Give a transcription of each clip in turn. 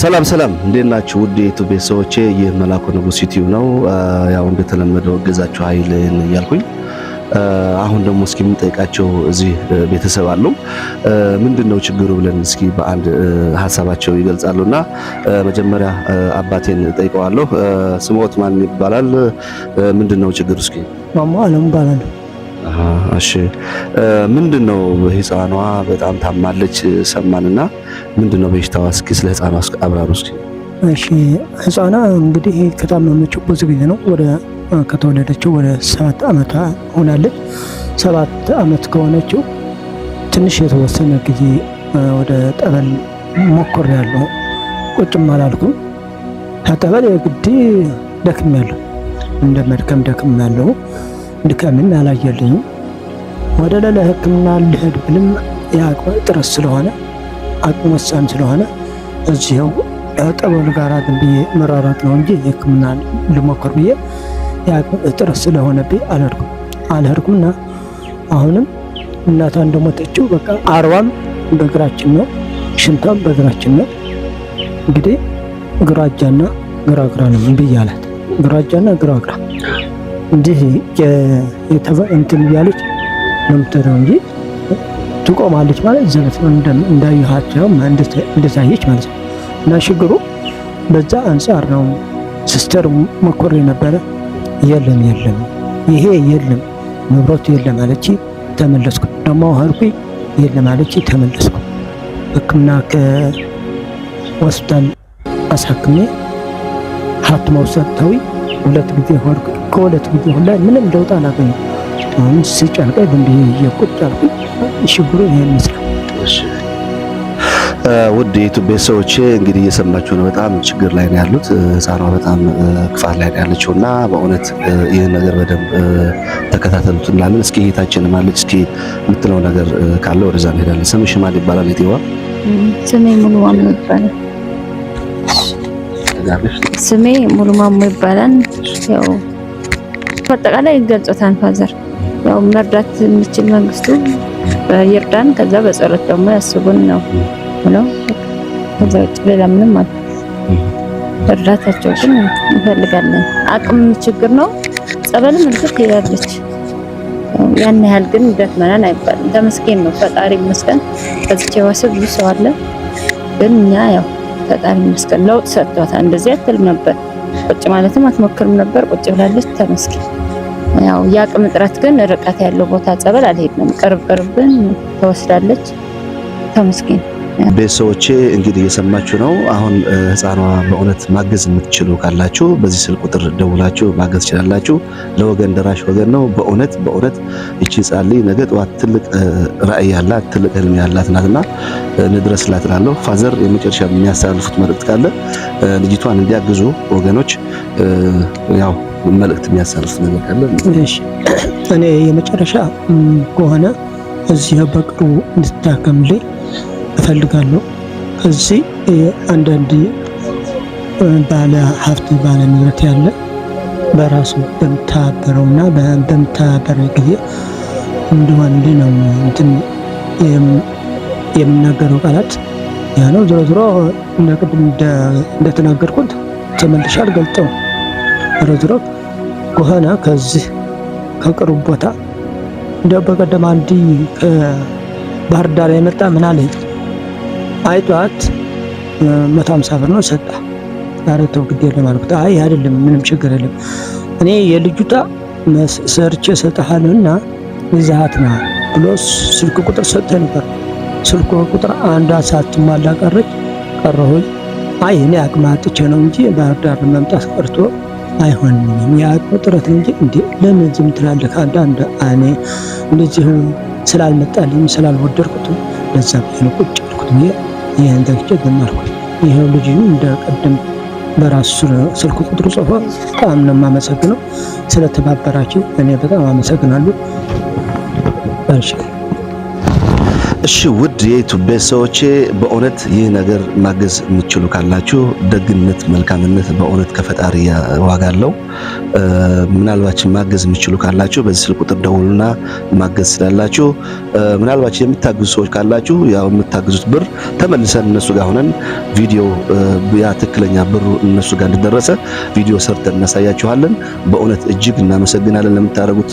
ሰላም ሰላም፣ እንዴት ናችሁ? ውድ የዩቱብ ቤተሰቦቼ ይህ መላኩ ንጉስ ዩቲዩብ ነው። ያው እንደተለመደው እገዛችሁ ኃይልን እያልኩኝ አሁን ደግሞ እስኪ የምንጠይቃቸው እዚህ ቤተሰብ አሉ። ምንድን ነው ችግሩ ብለን እስኪ በአንድ ሀሳባቸው ይገልጻሉና መጀመሪያ አባቴን ጠይቀዋለሁ። ስሞት ማን ይባላል? ምንድን ነው ችግሩ? እስኪ ማማ አለም ይባላል እሺ ምንድን ነው ህፃኗ በጣም ታማለች ሰማንና፣ ምንድን ነው በሽታዋ? እስኪ ስለ ህፃኗ አብራሩ እስኪ። እሺ ህፃኗ እንግዲህ ከታመመችው ብዙ ጊዜ ነው። ወደ ከተወለደችው ወደ ሰባት አመት ሆናለች። ሰባት ዓመት ከሆነችው ትንሽ የተወሰነ ጊዜ ወደ ጠበል ሞክር ያለው ቁጭም አላልኩም። ከጠበል የግድ ደክም ያለው እንደ መድከም ደክም ያለው። ድከምን አላየልኝም። ወደ ሌላ ህክምና ልሄድ ብልም የአቅም ጥረት ስለሆነ አቅም ወሳኝ ስለሆነ እዚው ጠበል ጋር ግን ብዬ መራራት ነው እንጂ ሕክምና ልሞክር ብዬ የአቅም ጥረት ስለሆነብኝ አልሄድኩም አልሄድኩምና አሁንም እናቷ እንደሞተችው በቃ አርዋም በእግራችን ነው፣ ሽንቷም በእግራችን ነው። እንግዲህ ግራጃና ግራግራ ነው ብያላት። ግራጃና ግራግራ እንዲህ እንትን እያለች ነው የምትሄደው እንጂ ትቆማለች ማለት ዘበት ነው እንዳየኋቸው እንደታየች ማለት ነው። እና ችግሩ በዛ አንጻር ነው። ሲስተር መኮር የነበረ የለም የለም ይሄ የለም ንብረቱ የለም አለች። ተመለስኩ ደግሞ ሀልኩ የለም አለች። ተመለስኩ ሕክምና ከሆስፒታል አሳክሜ ሀብት መውሰድ ተዊ ሁለት ጊዜ ሆድኩ። ከሁለት ጊዜ ሁላ ምንም ለውጥ አላገኘ። አሁን ስጨንቀኝ እንዲህ እየቁጭ አልኩኝ። ሽብሩ ይሄን ይመስላል። ውድ የዩቱብ ቤተሰቦቼ እንግዲህ እየሰማችሁ ነው። በጣም ችግር ላይ ነው ያሉት። ሕፃኗ በጣም ክፋት ላይ ነው ያለችው እና በእውነት ይህን ነገር በደንብ ተከታተሉት እንላለን። እስኪ ሄታችን አለች፣ እስኪ የምትለው ነገር ካለ ወደዛ እንሄዳለን። ስምሽ ማን ይባላል? የቴዋ ስሜ ሙሉ ዋም ይባላል። ትፈልጋለች? ስሜ ሙሉ ማሞ ይባላል። ያው በአጠቃላይ ይገልጾታል ፋዘር። ያው መርዳት የሚችል መንግስቱ ይርዳን፣ ከዛ በጸሎት ደግሞ ያስቡን ነው ብለው ከዛ ውጭ ሌላ ምንም አለ እርዳታቸው ግን እንፈልጋለን። አቅም ችግር ነው። ጸበልም እርግጥ ይላለች ያን ያህል ግን ደክመናን አይባልም። ተመስገን ነው ፈጣሪ ይመስገን። ብዙ ሰው አለ ግን እኛ ያው ፈጣሪ ይመስገን ለውጥ ሰጥቷታል። እንደዚህ አትልም ነበር፣ ቁጭ ማለትም አትሞክርም ነበር። ቁጭ ብላለች፣ ተመስገን። ያው የአቅም እጥረት ግን ርቀት ያለው ቦታ ጸበል አልሄድንም፣ ቅርብ ቅርብን ተወስዳለች፣ ተመስገን። ቤተሰቦች እንግዲህ እየሰማችሁ ነው። አሁን ህፃኗ በእውነት ማገዝ የምትችሉ ካላችሁ በዚህ ስልክ ቁጥር ደውላችሁ ማገዝ ትችላላችሁ። ለወገን ደራሽ ወገን ነው። በእውነት በእውነት እቺ ህፃን ልጅ ነገ ጠዋት ትልቅ ራዕይ ያላት ትልቅ ህልም ያላት ናትና እንድረስላት እላለሁ። ፋዘር የመጨረሻ የሚያስተላልፉት መልእክት ካለ ልጅቷን እንዲያግዙ ወገኖች፣ ያው መልእክት የሚያስተላልፉት ነገር ካለ እኔ የመጨረሻ ከሆነ እዚህ በቅርቡ እንድታከምልኝ እፈልጋለሁ። እዚህ አንዳንድ ባለ ሀብት ባለ ንብረት ያለ በራሱ በምታበረው በምታበረውና በምታበረ ጊዜ እንደወንድ ነው እንትን የምናገረው ቃላት ያ ነው። ዞሮ ዞሮ እንደቅድም እንደተናገርኩት ተመልሼ አልገልጠውም። ዞሮ ዞሮ ከሆነ ከዚህ ከቅርብ ቦታ እንደ በቀደም አንድ ባህር ዳር የመጣ ምን አለኝ አይቷት ጠዋት መቶ ሀምሳ ብር ነው ሰጣ። ኧረ ተው ግድ የለም አልኩት። አይ አይደለም ምንም ችግር የለም እኔ የልጁታ ሰርቼ ሰጠሃልና ይዛሃት ና ብሎ ስልክ ቁጥር ሰጥተ ነበር። ስልክ ቁጥር አንዷ ሳትሟላ ቀረች። ቀረሁኝ። አይ እኔ አቅም አጥቼ ነው እንጂ ባህር ዳር መምጣት ቀርቶ አይሆንም የአቅም ጥረት እንጂ እንዴ ለምን ዝም ትላለህ? አንዳንድ እኔ እንደዚህ ስላልመጣልኝ ስላልወደድኩት ለዛ ብዬ ነው ቁጭ ያልኩት። ይህን ተግቼ ገመርኩኝ። ይኸው ልጅ እንደ ቀደም በራሱ ስልክ ቁጥሩ ጽፎ በጣም ነው የማመሰግነው። ስለተባበራችሁ እኔ በጣም አመሰግናለሁ። እሺ ውድ የዩቱብ ቤተሰቦቼ በእውነት ይህ ነገር ማገዝ የምትችሉ ካላችሁ ደግነት፣ መልካምነት በእውነት ከፈጣሪ ዋጋ አለው። ምናልባችን ማገዝ የምትችሉ ካላችሁ በዚህ ስልክ ቁጥር ደውሉና ማገዝ ስላላችሁ፣ ምናልባች የምታግዙ ሰዎች ካላችሁ ያው የምታግዙት ብር ተመልሰን እነሱ ጋር ሆነን ቪዲዮ ያ ትክክለኛ ብሩ እነሱ ጋር እንደደረሰ ቪዲዮ ሰርተን እናሳያችኋለን። በእውነት እጅግ እናመሰግናለን ለምታደርጉት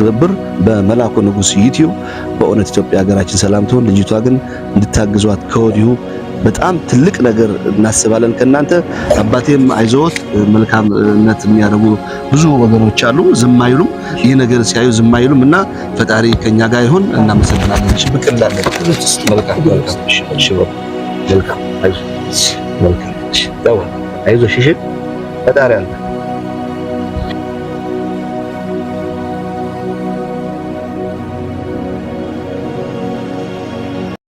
ትብብር በመላኩ ንጉስ ዩቲዩብ በእውነት ኢትዮጵያ ሀገራችን ልጆቻችን ሰላም ትሆን። ልጅቷ ግን እንድታግዟት ከወዲሁ በጣም ትልቅ ነገር እናስባለን ከእናንተ። አባቴም አይዞት መልካምነት የሚያደርጉ ብዙ ወገኖች አሉ፣ ዝም አይሉም። ይህ ነገር ሲያዩ ዝም አይሉም እና ፈጣሪ ከኛ ጋር ይሁን። እናመሰግናለን። ብቅ እንዳለን ፈጣሪ አለ።